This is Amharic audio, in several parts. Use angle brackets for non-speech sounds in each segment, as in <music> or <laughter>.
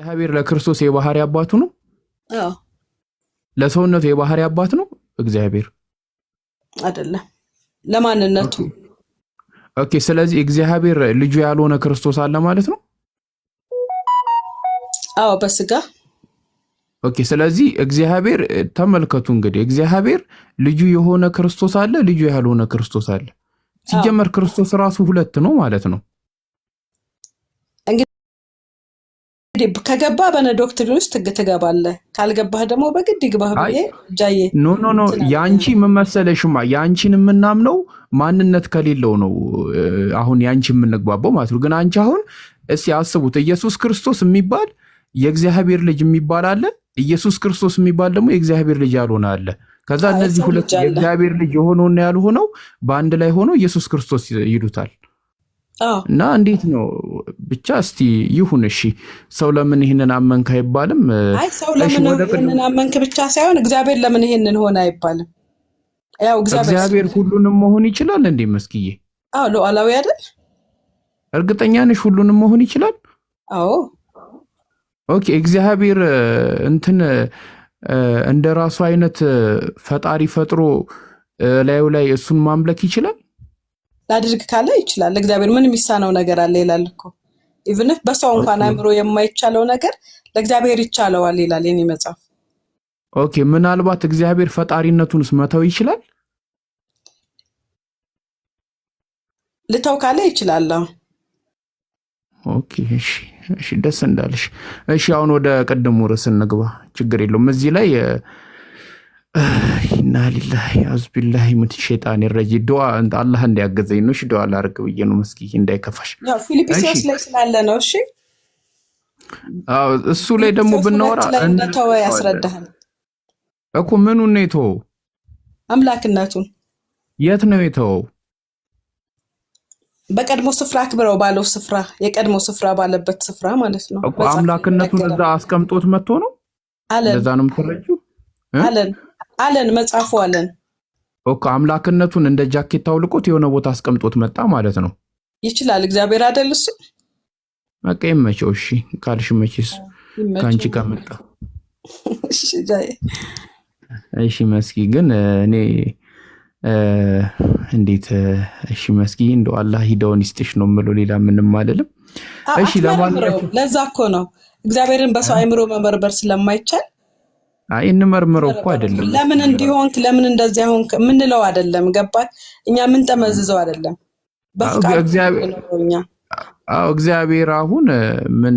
እግዚአብሔር ለክርስቶስ የባህሪ አባቱ ነው። ለሰውነቱ የባህሪ አባት ነው። እግዚአብሔር አይደለም ለማንነቱ። ኦኬ። ስለዚህ እግዚአብሔር ልጁ ያልሆነ ክርስቶስ አለ ማለት ነው። አዎ፣ በስጋ ኦኬ። ስለዚህ እግዚአብሔር ተመልከቱ እንግዲህ እግዚአብሔር ልጁ የሆነ ክርስቶስ አለ፣ ልጁ ያልሆነ ክርስቶስ አለ። ሲጀመር ክርስቶስ ራሱ ሁለት ነው ማለት ነው። ከገባ በነ ዶክትሪን ውስጥ ትገባለህ፣ ካልገባህ ደግሞ በግድ ይግባህ ብዬ ጃዬ ኖ ኖ ኖ የአንቺ ምን መሰለሽማ የአንቺን የምናምነው ማንነት ከሌለው ነው። አሁን የአንቺ የምንግባባው ማለት ነው። ግን አንቺ አሁን እስኪ አስቡት ኢየሱስ ክርስቶስ የሚባል የእግዚአብሔር ልጅ የሚባል አለ። ኢየሱስ ክርስቶስ የሚባል ደግሞ የእግዚአብሔር ልጅ ያልሆነ አለ። ከዛ እነዚህ ሁለት የእግዚአብሔር ልጅ የሆነውና ያልሆነው በአንድ ላይ ሆኖ ኢየሱስ ክርስቶስ ይሉታል። እና እንዴት ነው ብቻ እስቲ ይሁን። እሺ ሰው ለምን ይህንን አመንክ አይባልም። ሰው ለምን ይህንን አመንክ ብቻ ሳይሆን እግዚአብሔር ለምን ይህንን ሆነ አይባልም። ያው እግዚአብሔር ሁሉንም መሆን ይችላል እንዴ? መስኪዬ፣ አዎ ሉዓላዊ አይደል? እርግጠኛ ነሽ ሁሉንም መሆን ይችላል? አዎ። ኦኬ እግዚአብሔር እንትን እንደ ራሱ አይነት ፈጣሪ ፈጥሮ ላዩ ላይ እሱን ማምለክ ይችላል? ላድርግ ካለ ይችላል። እግዚአብሔር ምን የሚሳነው ነገር አለ ይላል እኮ ኢቭን በሰው እንኳን አእምሮ የማይቻለው ነገር ለእግዚአብሔር ይቻለዋል ይላል የኔ መጽሐፍ። ኦኬ ምናልባት እግዚአብሔር ፈጣሪነቱንስ መተው ይችላል? ልተው ካለ ይችላል። ኦኬ እሺ፣ እሺ፣ ደስ እንዳለሽ። እሺ፣ አሁን ወደ ቅድሙ ርዕስ እንግባ። ችግር የለውም እዚህ ላይ ኢና ሊላሂ አዙቢላሂ ምት ሸጣን ረጂ ድዋ አላህ እንዲያገዘኝ ነው። እሺ ድዋ ላርግ ብዬ ነው። መስኪ እንዳይከፋሽ ፊልጵስዩስ ላይ ስላለ ነው። እሺ እሱ ላይ ደግሞ ብናወራ እንደተወ ያስረዳሃል እኮ። ምኑ ነው የተወው? አምላክነቱን። የት ነው የተወው? በቀድሞ ስፍራ አክብረው ባለው ስፍራ፣ የቀድሞ ስፍራ ባለበት ስፍራ ማለት ነው እኮ። አምላክነቱን እዛ አስቀምጦት መጥቶ ነው። አለን። ለዛ ነው የምትረጂው አለን አለን መጽሐፉ አለን እኮ አምላክነቱን እንደ ጃኬት አውልቆት የሆነ ቦታ አስቀምጦት መጣ ማለት ነው። ይችላል እግዚአብሔር አይደል እሱ በቃ ይመቸው። እሺ ካልሽ መቼስ ከአንቺ ከመጣ እሺ መስኪ ግን እኔ እንዴት እሺ መስኪ እንደ አላህ ሂደውን ይስጥሽ ነው የምለው። ሌላ ምንም አልልም። እሺ ለዛ እኮ ነው እግዚአብሔርን በሰው አይምሮ መመርበር ስለማይቻል አይ እንመርምረው እኮ አይደለም። ለምን እንዲሆንክ ለምን እንደዚህ ሆንክ የምንለው አይደለም። ገባት እኛ ምን ተመዝዘው አይደለም። አዎ እግዚአብሔር አሁን ምን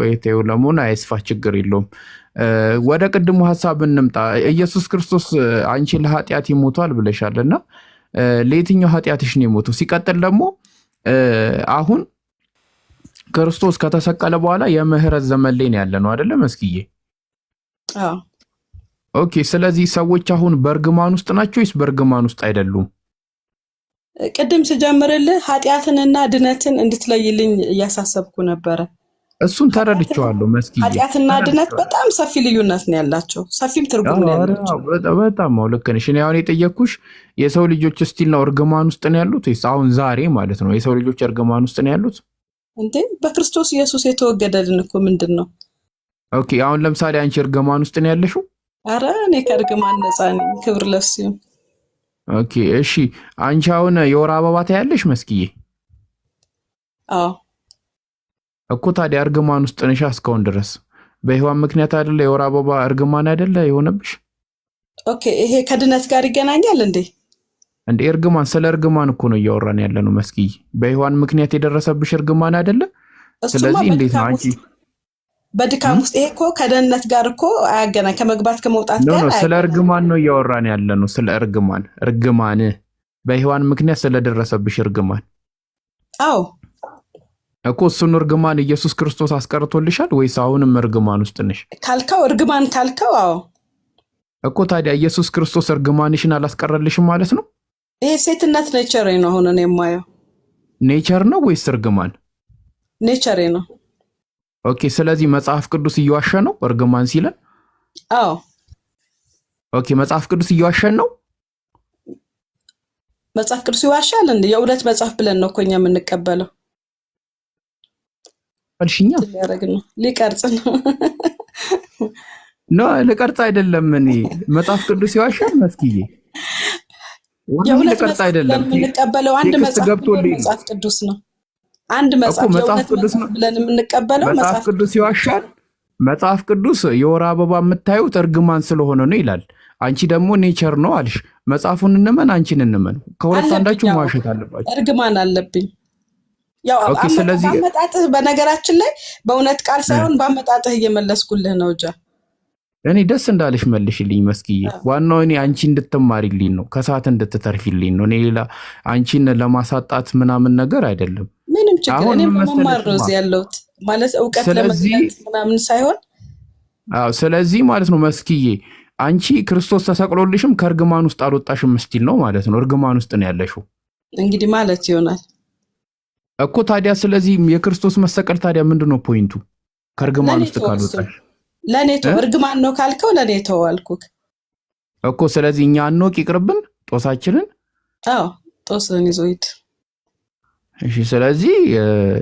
ቆይቴው ለመሆን አይስፋ ችግር የለውም። ወደ ቅድሙ ሀሳብ እንምጣ። ኢየሱስ ክርስቶስ አንቺ ለኃጢአት ይሞቷል እና ለየትኛው ኃጢአትሽ ነው የሞተው? ሲቀጥል ደግሞ አሁን ክርስቶስ ከተሰቀለ በኋላ የምህረት ዘመን ላይ ነው ያለ ነው አይደለም? መስኪዬ ኦኬ። ስለዚህ ሰዎች አሁን በእርግማን ውስጥ ናቸው ወይስ በእርግማን ውስጥ አይደሉም? ቅድም ስጀምርልህ ኃጢአትንና ድነትን እንድትለይልኝ እያሳሰብኩ ነበረ። እሱን ተረድቼዋለሁ። መስኪ ኃጢአትና ድነት በጣም ሰፊ ልዩነት ነው ያላቸው፣ ሰፊም ትርጉም ነው ያላቸው። በጣም ልክ ነሽ። እኔ አሁን የጠየቅኩሽ የሰው ልጆች ስቲል ነው እርግማን ውስጥ ነው ያሉት ወይስ አሁን ዛሬ ማለት ነው የሰው ልጆች እርግማን ውስጥ ነው ያሉት? እንዴ በክርስቶስ ኢየሱስ የተወገደልን እኮ ምንድን ነው? ኦኬ አሁን ለምሳሌ አንቺ እርግማን ውስጥ ነው ያለሽው አረ እኔ ከእርግማን ነፃ ነኝ። ክብር ለሱ ኦኬ እሺ፣ አንቺ አሁን የወር አበባ ታያለሽ መስኪዬ? አዎ እኮ ታዲያ እርግማን ውስጥ ነሽ እስካሁን ድረስ በህዋን ምክንያት አይደለ? የወር አበባ እርግማን አይደለ የሆነብሽ? ኦኬ ይሄ ከድነት ጋር ይገናኛል እንዴ? እንደ እርግማን ስለ እርግማን እኮ ነው እያወራን ያለ ነው መስኪዬ። በህዋን ምክንያት የደረሰብሽ እርግማን አይደለ? ስለዚህ እንዴት ነው አንቺ በድካም ውስጥ ይሄ እኮ ከደህንነት ጋር እኮ አያገናኝ ከመግባት ከመውጣት ጋር ስለ እርግማን ነው እያወራን ያለ ነው። ስለ እርግማን እርግማን በሔዋን ምክንያት ስለደረሰብሽ እርግማን። አዎ እኮ እሱን እርግማን ኢየሱስ ክርስቶስ አስቀርቶልሻል ወይስ አሁንም እርግማን ውስጥ ነሽ? ካልከው እርግማን ካልከው አዎ እኮ ታዲያ ኢየሱስ ክርስቶስ እርግማንሽን አላስቀረልሽም ማለት ነው። ይሄ ሴትነት ኔቸሬ ነው። አሁን የማየው ኔቸር ነው ወይስ እርግማን? ኔቸሬ ነው። ኦኬ። ስለዚህ መጽሐፍ ቅዱስ እየዋሸ ነው እርግማን ሲለን? አዎ። ኦኬ። መጽሐፍ ቅዱስ እየዋሸን ነው። መጽሐፍ ቅዱስ ይዋሻል እንዴ? የሁለት መጽሐፍ ብለን ነው እኮ እኛ የምንቀበለው። ልሽኛ ሊያደርግ ነው ሊቀርጽ ነው ኖ ልቀርጽ አይደለም። እኔ መጽሐፍ ቅዱስ ይዋሻል መስኪዬ የእውነት መጽሐፍ ብለን የምንቀበለው አንድ መጽሐፍ ቅዱስ ነው። አንድ መጽሐፍ ቅዱስ ብለን የምንቀበለው መጽሐፍ ቅዱስ ይዋሻል። መጽሐፍ ቅዱስ የወር አበባ የምታዩት እርግማን ስለሆነ ነው ይላል። አንቺ ደግሞ ኔቸር ነው አልሽ። መጽሐፉን እንመን፣ አንቺን እንመን። ከሁለት አንዳችሁ መዋሸት አለባቸው። እርግማን አለብኝ። ያው በአመጣጥህ በነገራችን ላይ በእውነት ቃል ሳይሆን በአመጣጥህ እየመለስኩልህ ነው። እጃ እኔ ደስ እንዳለሽ መልሽልኝ መስኪዬ። ዋናው እኔ አንቺ እንድትማሪልኝ ነው፣ ከሰዓት እንድትተርፊልኝ ነው። እኔ ሌላ አንቺን ለማሳጣት ምናምን ነገር አይደለም። ምንም ችግር እኔ መማር ነው እዚህ ያለሁት ማለት እውቀት ለመግኘት ምናምን ሳይሆን ስለዚህ ማለት ነው መስኪዬ አንቺ ክርስቶስ ተሰቅሎልሽም ከእርግማን ውስጥ አልወጣሽም ስቲል ነው ማለት ነው። እርግማን ውስጥ ነው ያለሽው እንግዲህ ማለት ይሆናል እኮ ታዲያ። ስለዚህ የክርስቶስ መሰቀል ታዲያ ምንድን ነው ፖይንቱ? ከእርግማን ውስጥ ካልወጣሽ ለኔቶ እርግማን ነው ካልከው ለኔቶ አልኩክ እኮ። ስለዚህ እኛ አንወቅ ይቅርብን ጦሳችንን። ጦስን ይዞ ሂድ። እሺ ስለዚህ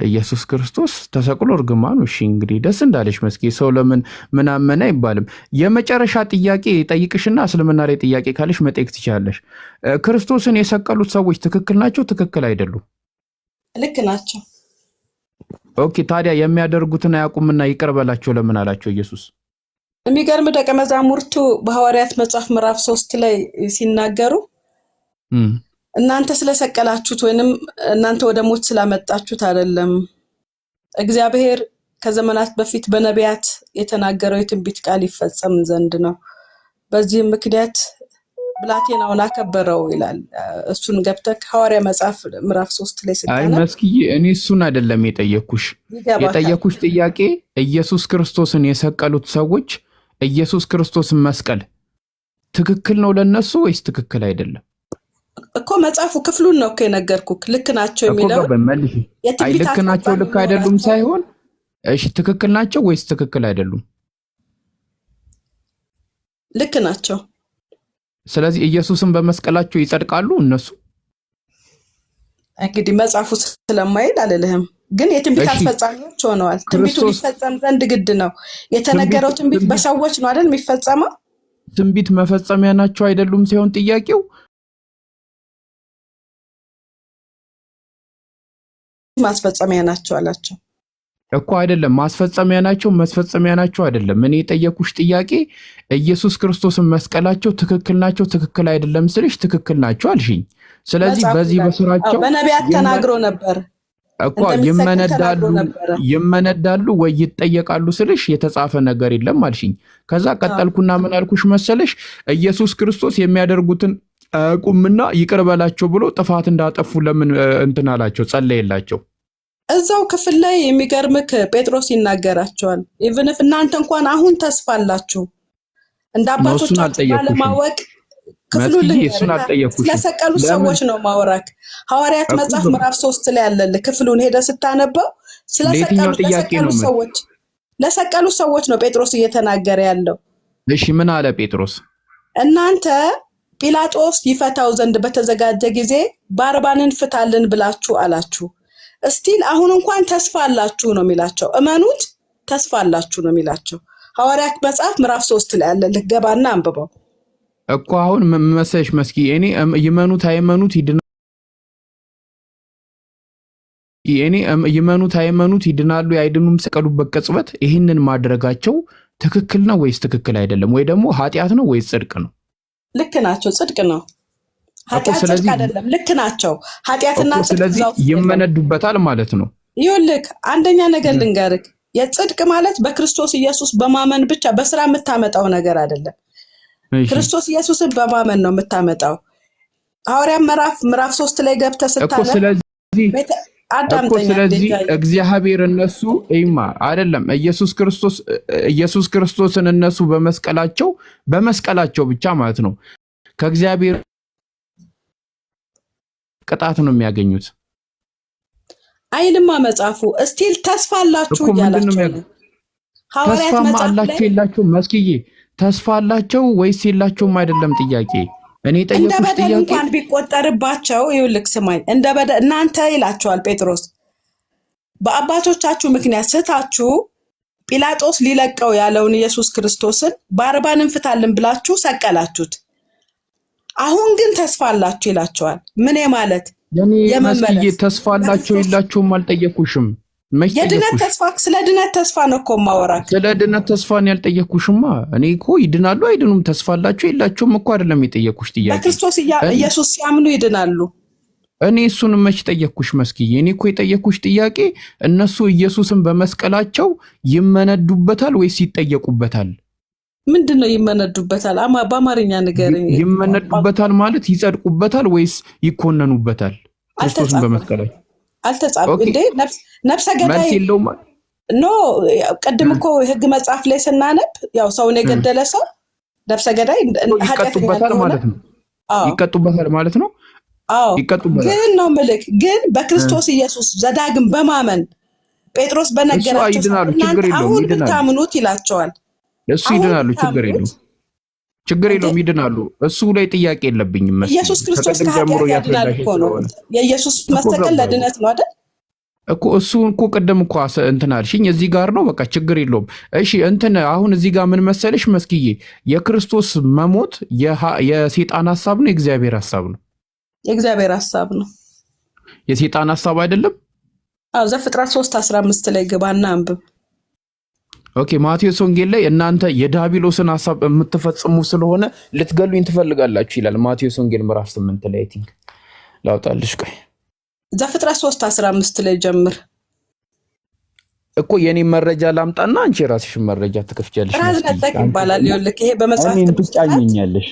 ኢየሱስ ክርስቶስ ተሰቅሎ እርግማኑ እሺ እንግዲህ ደስ እንዳለች መስኪ ሰው ለምን ምናምን አይባልም። የመጨረሻ ጥያቄ ጠይቅሽና እስልምና ላይ ጥያቄ ካለሽ መጠየቅ ትችላለሽ። ክርስቶስን የሰቀሉት ሰዎች ትክክል ናቸው? ትክክል አይደሉም? ልክ ናቸው። ኦኬ ታዲያ የሚያደርጉትን አያውቁምና ይቅርበላቸው ለምን አላቸው ኢየሱስ? የሚገርም ደቀ መዛሙርቱ በሐዋርያት መጽሐፍ ምዕራፍ ሶስት ላይ ሲናገሩ እናንተ ስለሰቀላችሁት ወይንም እናንተ ወደ ሞት ስላመጣችሁት አይደለም። እግዚአብሔር ከዘመናት በፊት በነቢያት የተናገረው የትንቢት ቃል ይፈጸም ዘንድ ነው። በዚህም ምክንያት ብላቴናውን አከበረው ይላል። እሱን ገብተህ ሐዋርያ መጽሐፍ ምዕራፍ ሶስት ላይ ስታነብ። አይ እኔ እሱን አይደለም የጠየኩሽ። የጠየኩሽ ጥያቄ ኢየሱስ ክርስቶስን የሰቀሉት ሰዎች ኢየሱስ ክርስቶስን መስቀል ትክክል ነው ለነሱ ወይስ ትክክል አይደለም? እኮ መጽሐፉ ክፍሉን ነው እኮ የነገርኩህ። ልክ ናቸው የሚለው ልክ ናቸው ልክ አይደሉም ሳይሆን፣ እሺ ትክክል ናቸው ወይስ ትክክል አይደሉም? ልክ ናቸው። ስለዚህ ኢየሱስን በመስቀላቸው ይጸድቃሉ እነሱ። እንግዲህ መጽሐፉ ስለማይል አልልህም፣ ግን የትንቢት አስፈጻሚዎች ሆነዋል። ትንቢቱ ሊፈጸም ዘንድ ግድ ነው። የተነገረው ትንቢት በሰዎች ነው አይደል የሚፈጸመው? ትንቢት መፈጸሚያ ናቸው አይደሉም ሳይሆን ጥያቄው ማስፈጸሚያ ናቸው አላቸው። እኮ አይደለም ማስፈጸሚያ ናቸው መስፈጸሚያ ናቸው አይደለም። እኔ የጠየኩሽ ጥያቄ ኢየሱስ ክርስቶስን መስቀላቸው ትክክል ናቸው ትክክል አይደለም ስልሽ ትክክል ናቸው አልሽኝ። ስለዚህ በዚህ በስራቸው በነቢያት ተናግሮ ነበር እኮ ይመነዳሉ ወይ ይጠየቃሉ ስልሽ የተጻፈ ነገር የለም አልሽኝ። ከዛ ቀጠልኩና ምን አልኩሽ መሰለሽ ኢየሱስ ክርስቶስ የሚያደርጉትን ቁምና ይቅር በላቸው ብሎ ጥፋት እንዳጠፉ ለምን እንትን አላቸው ጸለየላቸው። እዛው ክፍል ላይ የሚገርምክ ጴጥሮስ ይናገራቸዋል። ኢቭንፍ እናንተ እንኳን አሁን ተስፋ አላችሁ እንደ አባቶቻችሁ ባለማወቅ ክፍሉ ስለሰቀሉ ሰዎች ነው ማውራክ ሐዋርያት መጽሐፍ ምዕራፍ ሶስት ላይ ያለል ክፍሉን ሄደ ስታነበው ስለሰቀሉ ሰዎች ለሰቀሉ ሰዎች ነው ጴጥሮስ እየተናገረ ያለው። እሺ ምን አለ ጴጥሮስ እናንተ ጲላጦስ ይፈታው ዘንድ በተዘጋጀ ጊዜ ባርባንን ፍታልን ብላችሁ አላችሁ። እስቲል አሁን እንኳን ተስፋ አላችሁ ነው የሚላቸው። እመኑት ተስፋ አላችሁ ነው የሚላቸው። ሐዋርያት መጽሐፍ ምዕራፍ ሶስት ላይ ያለ ልገባና አንብበው እኮ አሁን መሰሽ መስኪ እኔ ይመኑት አይመኑት ይድናል እኔ ይመኑት አይመኑት ይድናሉ አይድኑም ሰቀሉበት ቅጽበት ይህንን ማድረጋቸው ትክክል ነው ወይስ ትክክል አይደለም? ወይ ደግሞ ኃጢአት ነው ወይስ ጽድቅ ነው? ልክ ናቸው። ጽድቅ ነው። ኃጢአት ጽድቅ አይደለም። ልክ ናቸው። ኃጢአትና ስለዚህ ይመነዱበታል ማለት ነው። ይኸውልህ አንደኛ ነገር ልንገርህ፣ የጽድቅ ማለት በክርስቶስ ኢየሱስ በማመን ብቻ በስራ የምታመጣው ነገር አይደለም። ክርስቶስ ኢየሱስን በማመን ነው የምታመጣው። ሐዋርያ ምዕራፍ ምዕራፍ ሶስት ላይ ገብተህ ስታለ እኮ ስለዚህ እግዚአብሔር እነሱ ይማ አይደለም ኢየሱስ ክርስቶስ ኢየሱስ ክርስቶስን እነሱ በመስቀላቸው በመስቀላቸው ብቻ ማለት ነው ከእግዚአብሔር ቅጣት ነው የሚያገኙት። አይልማ መጽሐፉ እስቲል ተስፋ አላችሁ እያላቸው ተስፋማ አላቸው የላቸው መስኪዬ፣ ተስፋ አላቸው ወይስ የላቸውም? አይደለም ጥያቄ እኔ እንደ በደል እንኳን ቢቆጠርባቸው ይውልክ ስማኝ፣ እንደ በደል እናንተ ይላቸዋል ጴጥሮስ። በአባቶቻችሁ ምክንያት ስታችሁ ጲላጦስ ሊለቀው ያለውን ኢየሱስ ክርስቶስን በአርባን እንፍታለን ብላችሁ ሰቀላችሁት። አሁን ግን ተስፋ አላችሁ ይላቸዋል። ምን ማለት ተስፋ አላቸው የላችሁም? አልጠየኩሽም የድነት ተስፋ ስለ ድነት ተስፋ ነው እኮ ማወራክ። ስለ ድነት ተስፋ ነው ያልጠየኩሽማ። እኔ እኮ ይድናሉ አይድኑም ተስፋ አላቸው የላቸውም እኮ አይደለም የጠየኩሽ ጥያቄ። በክርስቶስ ኢየሱስ ሲያምኑ ይድናሉ። እኔ እሱን መች ጠየቅኩሽ መስኪዬ? እኔ እኮ የጠየቅኩሽ ጥያቄ እነሱ ኢየሱስን በመስቀላቸው ይመነዱበታል ወይስ ይጠየቁበታል? ምንድን ነው ይመነዱበታል? በአማርኛ ንገረኝ። ይመነዱበታል ማለት ይጸድቁበታል ወይስ ይኮነኑበታል? ክርስቶስን በመስቀላቸው አልተጻፈም እንዴ? ነፍሰ ገዳይ ኖ ቅድም እኮ ህግ መጽሐፍ ላይ ስናነብ ያው ሰውን የገደለ ሰው ነፍሰ ገዳይ ይቀጡበታል ማለት ነው። ይቀጡበታል ማለት ነው። ግን ነው ምልክ ግን በክርስቶስ ኢየሱስ ዘዳግም በማመን ጴጥሮስ በነገራቸው አሁን ብታምኑት ይላቸዋል። እሱ ይድናሉ፣ ችግር የለውም ችግር የለውም ይድናሉ። እሱ ላይ ጥያቄ የለብኝም። ኢየሱስ ክርስቶስ ከጀምሮ ያድናል እኮ ነው። የኢየሱስ መሰቀል ለድነት ነው አይደል እኮ። እሱ እኮ ቅድም እኮ እንትን አልሽኝ፣ እዚህ ጋር ነው በቃ ችግር የለውም። እሺ እንትን አሁን እዚህ ጋር ምን መሰለሽ መስኪዬ፣ የክርስቶስ መሞት የሴጣን ሀሳብ ነው የእግዚአብሔር ሀሳብ ነው? የእግዚአብሔር ሀሳብ ነው። የሴጣን ሀሳብ አይደለም። ዘፍጥረት ሶስት አስራ አምስት ላይ ግባና አንብብ። ኦኬ ማቴዎስ ወንጌል ላይ እናንተ የዳቢሎስን ሀሳብ የምትፈጽሙ ስለሆነ ልትገሉኝ ትፈልጋላችሁ ይላል። ማቴዎስ ወንጌል ምዕራፍ ስምንት ላይ ቲንክ ላውጣልሽ፣ ቆይ ዘፍጥረት ሶስት አስራ አምስት ላይ ጀምር እኮ የኔ መረጃ ላምጣና አንቺ የራስሽን መረጃ ትከፍቻለሽ። ጥራዝ ነጠቅ ይባላል። ይኸውልህ ይሄ በመጽሐፍ ቅዱስ ጫኝኛለሽ።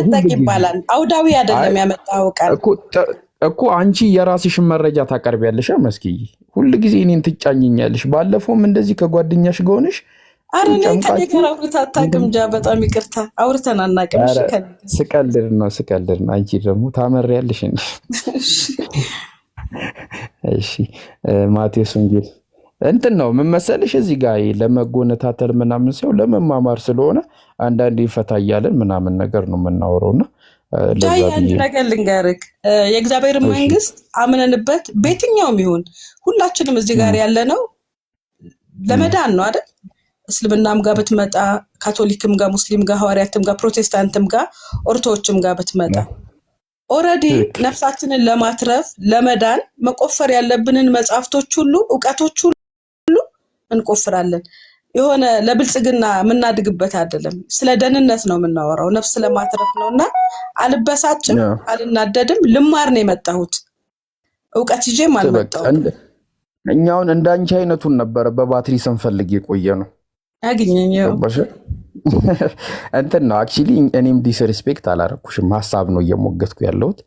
ነጠቅ ይባላል። አውዳዊ አይደለም ያመጣኸው ቃል እኮ አንቺ የራስሽን መረጃ ታቀርቢያለሽ። መስኪዬ ሁል ጊዜ እኔን ትጫኝኛለሽ። ባለፈውም እንደዚህ ከጓደኛሽ ከሆንሽ አውርታ በጣም ይቅርታ አውርተን አናውቅም። ስቀልድ ነው ስቀልድ ነው። አንቺ ደግሞ ታመሪያለሽ። እሺ ማቴዎስ ወንጌል እንትን ነው ምን መሰልሽ፣ እዚህ ጋር ለመጎነታተል ምናምን ሲሆን ለመማማር ስለሆነ አንዳንድ ፈታ እያለን ምናምን ነገር ነው የምናወራውና ጃይ አንድ ነገር ልንገርክ፣ የእግዚአብሔር መንግስት አምነንበት በየትኛውም ይሁን ሁላችንም እዚህ ጋር ያለ ነው ለመዳን ነው አይደል? እስልምናም ጋር ብትመጣ፣ ካቶሊክም ጋር፣ ሙስሊም ጋር፣ ሐዋርያትም ጋር፣ ፕሮቴስታንትም ጋር፣ ኦርቶዎችም ጋር ብትመጣ ኦረዲ ነፍሳችንን ለማትረፍ ለመዳን መቆፈር ያለብንን መጽሐፍቶች ሁሉ እውቀቶች ሁሉ እንቆፍራለን። የሆነ ለብልጽግና የምናድግበት አይደለም። ስለ ደህንነት ነው የምናወራው፣ ነፍስ ለማትረፍ ነው። እና አልበሳጭም፣ አልናደድም። ልማር ነው የመጣሁት፣ እውቀት ይዤም አልመጣሁም። እኛውን እንዳንቺ አይነቱን ነበረ በባትሪ ስንፈልግ የቆየ ነው ያገኘሽ <laughs> እንትን ነው አክቹዋሊ። እኔም ዲስሪስፔክት አላረኩሽም፣ ሀሳብ ነው እየሞገትኩ ያለሁት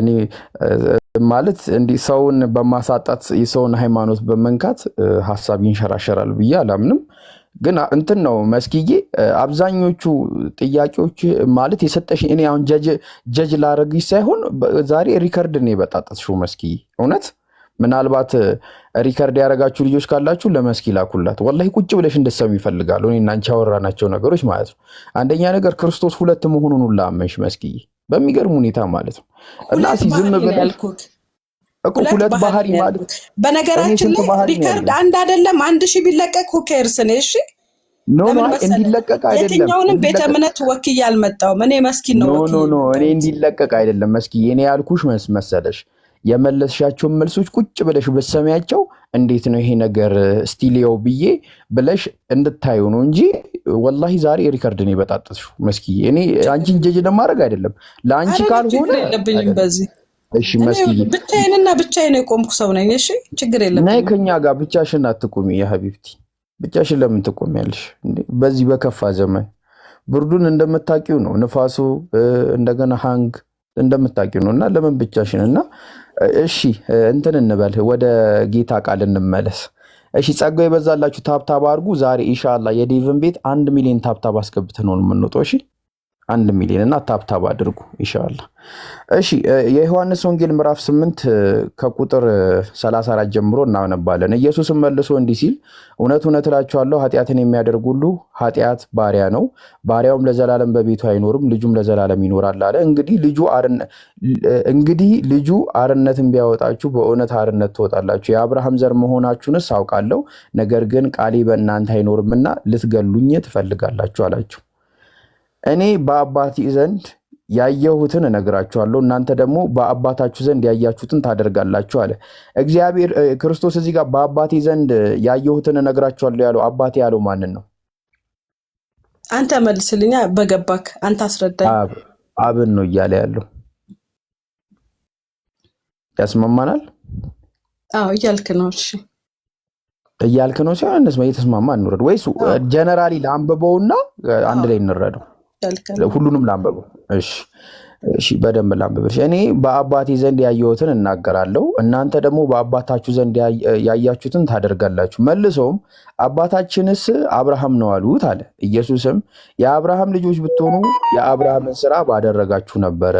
እኔ ማለት እንዲህ ሰውን በማሳጣት የሰውን ሃይማኖት በመንካት ሀሳብ ይንሸራሸራል ብዬ አላምንም። ግን እንትን ነው መስኪዬ፣ አብዛኞቹ ጥያቄዎች ማለት የሰጠሽ እኔ አሁን ጀጅ ላረግ ሳይሆን ዛሬ ሪከርድ ነው የበጣጠስሽው መስኪዬ። እውነት ምናልባት ሪከርድ ያደረጋችሁ ልጆች ካላችሁ ለመስኪ ላኩላት። ወላሂ ቁጭ ብለሽ እንደሰሙ ይፈልጋሉ። እኔ እናንቺ ያወራናቸው ነገሮች ማለት ነው። አንደኛ ነገር ክርስቶስ ሁለት መሆኑን ላመንሽ መስኪዬ በሚገርም ሁኔታ ማለት ነው። እና ሲዝም ብለን ሁለት ባህሪ ማለት በነገራችን ላይ ሪከርድ አንድ አይደለም። አንድ ሺህ ቢለቀቅ ሁኬርስ ነው። እሺ ኖ ኖ እንዲለቀቅ አይደለም። የትኛውንም ቤተ እምነት ወክዬ አልመጣሁም። እኔ መስኪን ነው። ኖ ኖ እኔ እንዲለቀቅ አይደለም መስኪ። እኔ ያልኩሽ መሰለሽ የመለስሻቸውን መልሶች ቁጭ ብለሽ በሰሚያቸው እንዴት ነው ይሄ ነገር ስቲሊየው ብዬ ብለሽ እንድታዩ ነው እንጂ ወላሂ ዛሬ ሪከርድ ነው የበጣጠስሽው መስኪ። እኔ አንቺን ጀጅ ለማድረግ አይደለም ለአንቺ ካልሆነ እሺ መስኪዬ፣ ብቻዬንና ብቻዬን የቆምኩ ሰው ነኝ። እሺ ችግር የለም። ናይ ከኛ ጋር ብቻሽን አትቁሚ የሀቢብቲ ብቻሽን ለምን ትቆሚያለሽ? በዚህ በከፋ ዘመን ብርዱን እንደምታቂው ነው ንፋሱ፣ እንደገና ሃንግ እንደምታቂው ነው እና ለምን ብቻሽን እና እሺ እንትን እንበል ወደ ጌታ ቃል እንመለስ። እሺ ጸጋ የበዛላችሁ ታብታብ አድርጉ። ዛሬ ኢንሻአላህ የዴቭን ቤት አንድ ሚሊዮን ታብታብ አስገብተን ነው የምንወጣው። እሺ አንድ ሚሊዮን እና ታብታብ አድርጉ ይሻላል። እሺ የዮሐንስ ወንጌል ምዕራፍ ስምንት ከቁጥር 34 ጀምሮ እናነባለን። ኢየሱስም መልሶ እንዲህ ሲል እውነት እውነት እላችኋለሁ ኃጢአትን የሚያደርግ ሁሉ ኃጢአት ባሪያ ነው። ባሪያውም ለዘላለም በቤቱ አይኖርም፣ ልጁም ለዘላለም ይኖራል አለ። እንግዲህ ልጁ አርነትን ቢያወጣችሁ በእውነት አርነት ትወጣላችሁ። የአብርሃም ዘር መሆናችሁንስ አውቃለሁ፣ ነገር ግን ቃሌ በእናንተ አይኖርምና ልትገሉኝ ትፈልጋላችሁ አላቸው። እኔ በአባቴ ዘንድ ያየሁትን እነግራችኋለሁ፣ እናንተ ደግሞ በአባታችሁ ዘንድ ያያችሁትን ታደርጋላችሁ አለ እግዚአብሔር። ክርስቶስ እዚህ ጋር በአባቴ ዘንድ ያየሁትን እነግራችኋለሁ ያለው አባቴ ያለው ማንን ነው? አንተ መልስልኛ፣ በገባክ አንተ አስረዳኝ። አብን ነው እያለ ያለው ያስማማናል። አዎ እያልክ ነው። እሺ እያልክ ነው ሲሆን እነስማ እየተስማማ እንውረድ፣ ወይስ ጀነራሊ ለአንብበውና አንድ ላይ እንረደው። ሁሉንም ላንበበው። እሺ እሺ በደንብ ላንብብልሽ። እኔ በአባቴ ዘንድ ያየሁትን እናገራለሁ፣ እናንተ ደግሞ በአባታችሁ ዘንድ ያያችሁትን ታደርጋላችሁ። መልሶም አባታችንስ አብርሃም ነው አሉት አለ። ኢየሱስም የአብርሃም ልጆች ብትሆኑ የአብርሃምን ስራ ባደረጋችሁ ነበረ።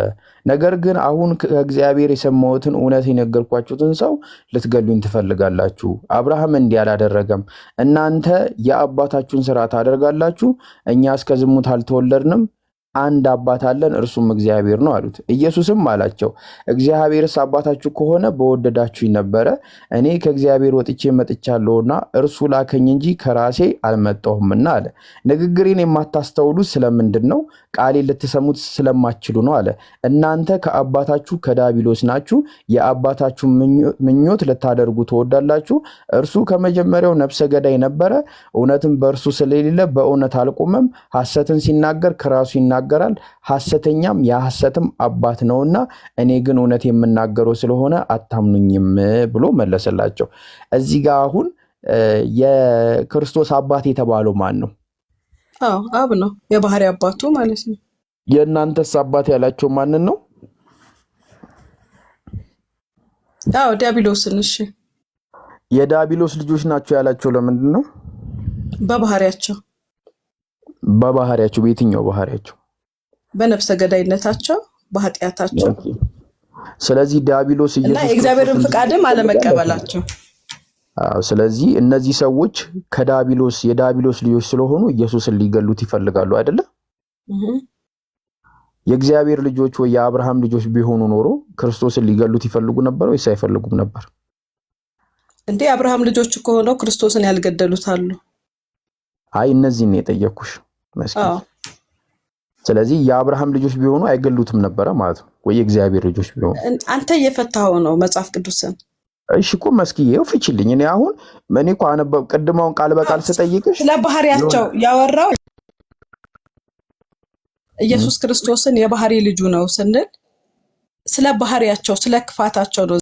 ነገር ግን አሁን ከእግዚአብሔር የሰማሁትን እውነት የነገርኳችሁትን ሰው ልትገሉኝ ትፈልጋላችሁ። አብርሃም እንዲህ አላደረገም። እናንተ የአባታችሁን ስራ ታደርጋላችሁ። እኛ እስከ ዝሙት አልተወለድንም አንድ አባት አለን እርሱም እግዚአብሔር ነው አሉት። ኢየሱስም አላቸው እግዚአብሔርስ አባታችሁ ከሆነ በወደዳችሁኝ ነበረ፣ እኔ ከእግዚአብሔር ወጥቼ መጥቻለሁና እርሱ ላከኝ እንጂ ከራሴ አልመጣሁምና አለ። ንግግሬን የማታስተውሉ ስለምንድን ነው? ቃሌን ልትሰሙት ስለማችሉ ነው አለ። እናንተ ከአባታችሁ ከዳቢሎስ ናችሁ፣ የአባታችሁ ምኞት ልታደርጉ ትወዳላችሁ። እርሱ ከመጀመሪያው ነፍሰ ገዳይ ነበረ፣ እውነትም በእርሱ ስለሌለ በእውነት አልቆመም። ሐሰትን ሲናገር ከራሱ ይናገ ይናገራል፣ ሐሰተኛም የሐሰትም አባት ነውና እኔ ግን እውነት የምናገረው ስለሆነ አታምኑኝም ብሎ መለሰላቸው። እዚህ ጋር አሁን የክርስቶስ አባት የተባለው ማን ነው? አብ ነው፣ የባህሪ አባቱ ማለት ነው። የእናንተስ አባት ያላቸው ማንን ነው? አዎ ዲያብሎስን። እሺ የዲያብሎስ ልጆች ናቸው ያላቸው ለምንድን ነው? በባህሪያቸው በባህሪያቸው በየትኛው ባህሪያቸው በነፍሰ ገዳይነታቸው በኃጢአታቸው ስለዚህ ዲያብሎስ የእግዚአብሔርን ፍቃድም አለመቀበላቸው ስለዚህ እነዚህ ሰዎች ከዳቢሎስ የዳቢሎስ ልጆች ስለሆኑ ኢየሱስን ሊገሉት ይፈልጋሉ አይደለ? የእግዚአብሔር ልጆች ወይ የአብርሃም ልጆች ቢሆኑ ኖሮ ክርስቶስን ሊገሉት ይፈልጉ ነበር ወይስ አይፈልጉም ነበር? እንዴ አብርሃም ልጆች ከሆነው ክርስቶስን ያልገደሉት አሉ። አይ እነዚህን ነው የጠየኩሽ። ስለዚህ የአብርሃም ልጆች ቢሆኑ አይገሉትም ነበረ ማለት ነው ወይ የእግዚአብሔር ልጆች ቢሆኑ አንተ እየፈታው ነው መጽሐፍ ቅዱስን እሺ እኮ ፍችልኝ እኔ አሁን እኔ እኮ አነበብ ቃል በቃል ስጠይቅሽ ስለ ባህሪያቸው ያወራው ኢየሱስ ክርስቶስን የባህሪ ልጁ ነው ስንል ስለ ባህሪያቸው ስለ ክፋታቸው ነው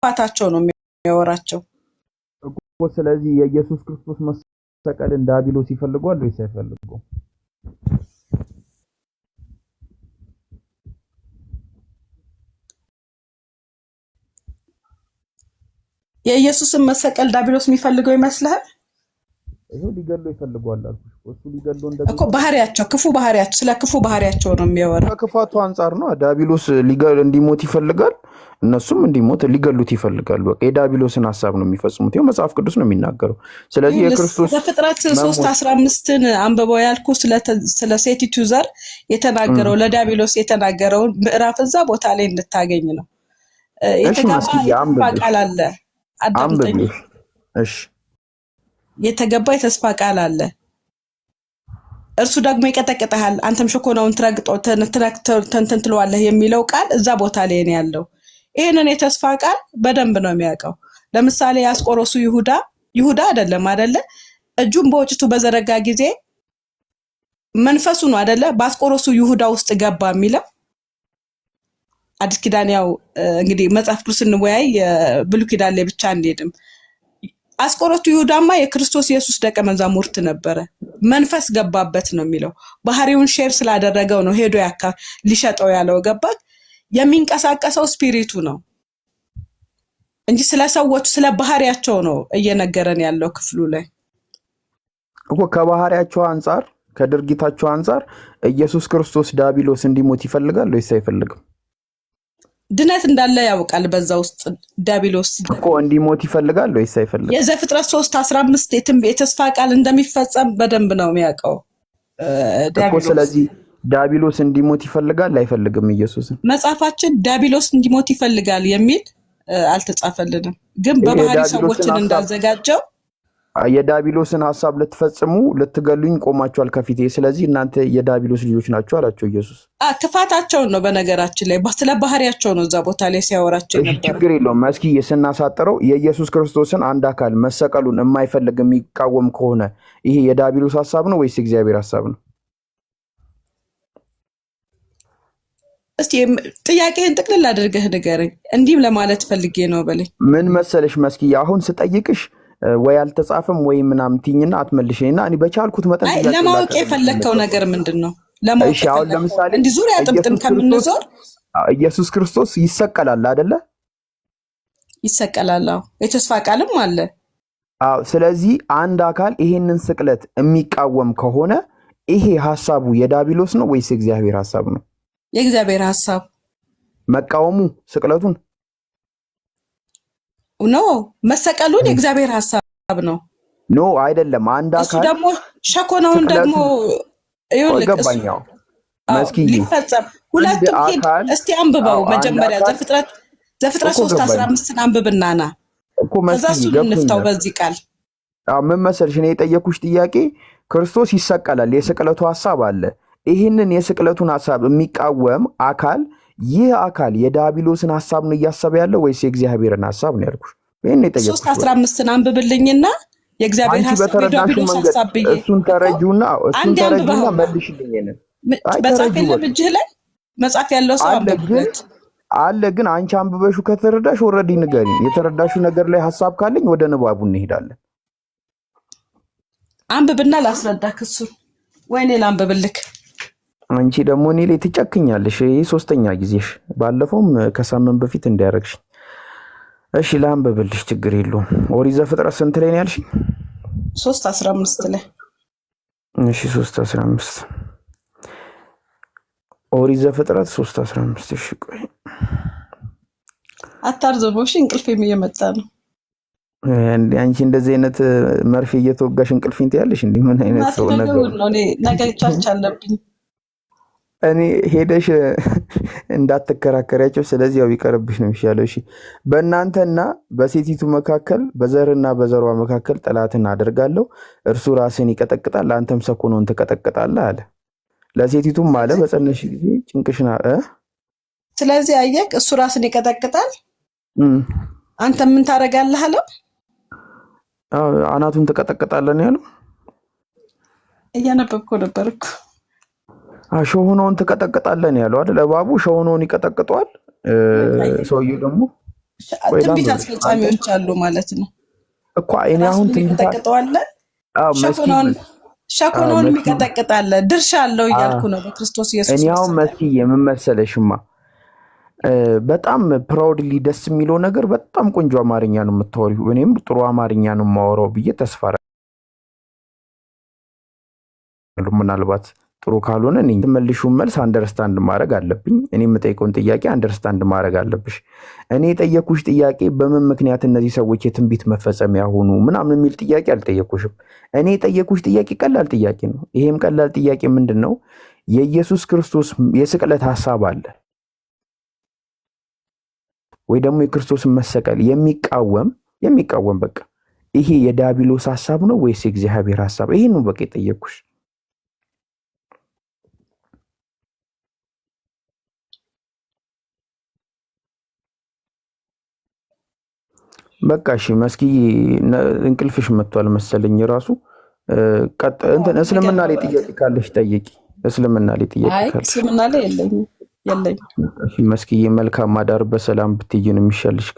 አባታቸው ነው የሚያወራቸው እኮ። ስለዚህ የኢየሱስ ክርስቶስ መሰቀልን ዲያብሎስ ይፈልጓል ወይስ አይፈልጉም? የኢየሱስን መሰቀል ዲያብሎስ የሚፈልገው ይመስልሃል? ይሄው ሊገሉ ይፈልጓል አልኩሽ እሱ ሊገሉ እንደ እኮ ባህሪያቸው ክፉ ባህሪያቸው ስለ ክፉ ባህሪያቸው ነው የሚያወራው። ከክፋቱ አንጻር ነው ዳቢሎስ ሊገል እንዲሞት ይፈልጋል፣ እነሱም እንዲሞት ሊገሉት ይፈልጋል። በቃ የዳቢሎስን ሀሳብ ነው የሚፈጽሙት። ይኸው መጽሐፍ ቅዱስ ነው የሚናገረው። ስለዚህ የክርስቶስ ዘፍጥረት ሶስት አስራ አምስትን አንብበው ያልኩ ስለ ሴቲቱ ዘር የተናገረው ለዳቢሎስ የተናገረውን ምዕራፍ እዛ ቦታ ላይ እንድታገኝ ነው የተጋባ ቃል አለ። አዳምጠኝ እሺ የተገባ የተስፋ ቃል አለ። እርሱ ደግሞ ይቀጠቅጠሃል፣ አንተም ሸኮናውን ትረግጦ ተንትን ትለዋለህ የሚለው ቃል እዛ ቦታ ላይ ነው ያለው። ይህንን የተስፋ ቃል በደንብ ነው የሚያውቀው። ለምሳሌ የአስቆረሱ ይሁዳ ይሁዳ አይደለም አደለ? እጁን በወጭቱ በዘረጋ ጊዜ መንፈሱ ነው አደለ? በአስቆሮሱ ይሁዳ ውስጥ ገባ የሚለው አዲስ ኪዳን ያው እንግዲህ መጽሐፍ ቅዱስ ስንወያይ ብሉይ ኪዳን ላይ ብቻ አንሄድም። አስቆሮቱ ይሁዳማ የክርስቶስ ኢየሱስ ደቀ መዛሙርት ነበረ። መንፈስ ገባበት ነው የሚለው። ባህሪውን ሼር ስላደረገው ነው ሄዶ ያካ ሊሸጠው ያለው ገባት። የሚንቀሳቀሰው ስፒሪቱ ነው እንጂ ስለ ሰዎቹ ስለ ባህሪያቸው ነው እየነገረን ያለው ክፍሉ ላይ እኮ ከባህሪያቸው አንጻር ከድርጊታቸው አንጻር ኢየሱስ ክርስቶስ ዳቢሎስ እንዲሞት ይፈልጋል ወይስ አይፈልግም? ድነት እንዳለ ያውቃል። በዛ ውስጥ ዲያብሎስ እኮ እንዲሞት ይፈልጋል ወይስ አይፈልግም? የዘፍጥረት ሶስት አስራ አምስት የትም የተስፋ ቃል እንደሚፈጸም በደንብ ነው የሚያውቀው እኮ። ስለዚህ ዳቢሎስ እንዲሞት ይፈልጋል አይፈልግም? ኢየሱስን መጽሐፋችን ዳቢሎስ እንዲሞት ይፈልጋል የሚል አልተጻፈልንም፣ ግን በባህሪ ሰዎችን እንዳዘጋጀው የዳቢሎስን ሀሳብ ልትፈጽሙ ልትገሉኝ ቆማችኋል ከፊቴ። ስለዚህ እናንተ የዳቢሎስ ልጆች ናቸው አላቸው ኢየሱስ። ክፋታቸውን ነው በነገራችን ላይ ስለ ባህሪያቸው ነው እዛ ቦታ ላይ ሲያወራቸው ነበር። ችግር የለውም እስኪ ስናሳጥረው የኢየሱስ ክርስቶስን አንድ አካል መሰቀሉን የማይፈልግ የሚቃወም ከሆነ ይሄ የዳቢሎስ ሀሳብ ነው ወይስ እግዚአብሔር ሀሳብ ነው? እስቲ ጥያቄህን ጥቅልል አድርገህ ንገረኝ። እንዲህም ለማለት ፈልጌ ነው በላይ ምን መሰለሽ መስኪ አሁን ስጠይቅሽ ወይ አልተጻፈም ወይ ምናምን ትይኝና አትመልሽኝ በቻልኩት መጠን ለማወቅ የፈለግከው ነገር ምንድን ነው? ለማወቅ አሁን ለምሳሌ እንዲህ ዙሪያ ጥምጥም ከምንዞር ኢየሱስ ክርስቶስ ይሰቀላል አደለ? ይሰቀላል። የተስፋ ቃልም አለ። አዎ። ስለዚህ አንድ አካል ይሄንን ስቅለት የሚቃወም ከሆነ ይሄ ሀሳቡ የዳቢሎስ ነው ወይስ የእግዚአብሔር ሀሳብ ነው? የእግዚአብሔር ሀሳብ መቃወሙ ስቅለቱን ኖ መሰቀሉን የእግዚአብሔር ሀሳብ ነው። ኖ አይደለም። አንድ እሱ ደግሞ ሸኮነውን ደግሞ ይልቅገባኛው ሊፈጸም ሁለቱም ሂድ። እስቲ አንብበው መጀመሪያ ዘፍጥረት ዘፍጥረት ሶስት አስራ አምስትን አንብብና ና ከዛ እሱን እንፍታው በዚህ ቃል ምን መሰልሽ፣ እኔ የጠየኩሽ ጥያቄ ክርስቶስ ይሰቀላል፣ የስቅለቱ ሀሳብ አለ። ይህንን የስቅለቱን ሀሳብ የሚቃወም አካል ይህ አካል የዳቢሎስን ሀሳብ ነው እያሰበ ያለው ወይስ የእግዚአብሔርን ሀሳብ ነው ያልኩሽ። ይህን የጠየኩሽ አስራ አምስትን አንብብልኝና የእግዚአብሔር ሀሳብ እሱን ተረጁና እሱን ተረጁና መልሽልኝ። መጽሐፍ የለም እጅህ ላይ መጽሐፍ ያለው ሰው አንብብለት አለ ግን አንቺ አንብበሹ ከተረዳሽ ወረድ ንገሪ። የተረዳሹ ነገር ላይ ሀሳብ ካለኝ ወደ ንባቡ እንሄዳለን። አንብብና ላስረዳ እሱን። ወይኔ ላንብብልክ አንቺ ደግሞ እኔ ላይ ትጨክኛለሽ። ይህ ሶስተኛ ጊዜሽ፣ ባለፈውም ከሳምንት በፊት እንዲያደረግሽ። እሺ ለአንብብልሽ፣ ችግር የለውም። ኦሪት ዘፍጥረት ስንት ላይ ነው ያልሽኝ? ሶስት አስራ አምስት ላይ። እሺ ሶስት አስራ አምስት ኦሪት ዘፍጥረት ሶስት አስራ አምስት እሺ ቆይ አታርዘቦሽ፣ እንቅልፌም እየመጣ ነው። አንቺ እንደዚህ አይነት መርፌ እየተወጋሽ እንቅልፌን ያለሽ እንዲህ ምን አይነት ሰው ነገር ነገቻች አለብኝ እኔ ሄደሽ <laughs> እንዳትከራከሪያቸው። ስለዚህ ያው ይቀርብሽ ነው የሚሻለው። እሺ፣ በእናንተና በሴቲቱ መካከል በዘርና በዘሯ መካከል ጠላትን አደርጋለሁ። እርሱ ራስን ይቀጠቅጣል፣ ለአንተም ሰኮኖን ትቀጠቅጣለህ አለ። ለሴቲቱም አለ በጸነሽ ጊዜ ጭንቅሽና ስለዚህ አየቅ እሱ ራስን ይቀጠቅጣል፣ አንተ ምን ታደርጋለህ አለው። አናቱን ትቀጠቅጣለህ ያለው። እያነበብኮ ነበርኩ። ሾሆኖን ትቀጠቅጣለን ያለው አይደል? እባቡ ሾሆኖን ይቀጠቅጠዋል። ሰውዬው ደግሞ ትንቢት አስፈጻሚዎች አሉ ማለት ነው እኮ እኔ አሁን ድርሻ አለው እያልኩ ነው በክርስቶስ ኢየሱስ። እኔ አሁን የምመሰለሽማ በጣም ፕራውድሊ ደስ የሚለው ነገር በጣም ቆንጆ አማርኛ ነው የምታወሪ፣ እኔም ጥሩ አማርኛ ነው የማወራው ብዬ ተስፋ ምናልባት ጥሩ ካልሆነ እኔ መልስ አንደርስታንድ ማድረግ አለብኝ። እኔ የምጠይቀውን ጥያቄ አንደርስታንድ ማድረግ አለብሽ። እኔ የጠየኩሽ ጥያቄ በምን ምክንያት እነዚህ ሰዎች የትንቢት መፈጸሚያ ሆኑ ምናምን የሚል ጥያቄ አልጠየኩሽም። እኔ የጠየኩሽ ጥያቄ ቀላል ጥያቄ ነው። ይሄም ቀላል ጥያቄ ምንድን ነው? የኢየሱስ ክርስቶስ የስቅለት ሀሳብ አለ ወይ ደግሞ የክርስቶስን መሰቀል የሚቃወም የሚቃወም በቃ ይሄ የዳቢሎስ ሀሳብ ነው ወይስ የእግዚአብሔር ሀሳብ? ይሄን ነው በቃ የጠየኩሽ። በቃ እሺ፣ መስኪ እንቅልፍሽ መጥቷል መሰለኝ። ራሱ እስልምና ላይ ጥያቄ ካለሽ ጠይቂ። እስልምና ላይ ጥያቄ ካለሽ እስልምና ላይ የለኝም። መስኪዬ መልካም አዳር፣ በሰላም ብትይን የሚሻልሽ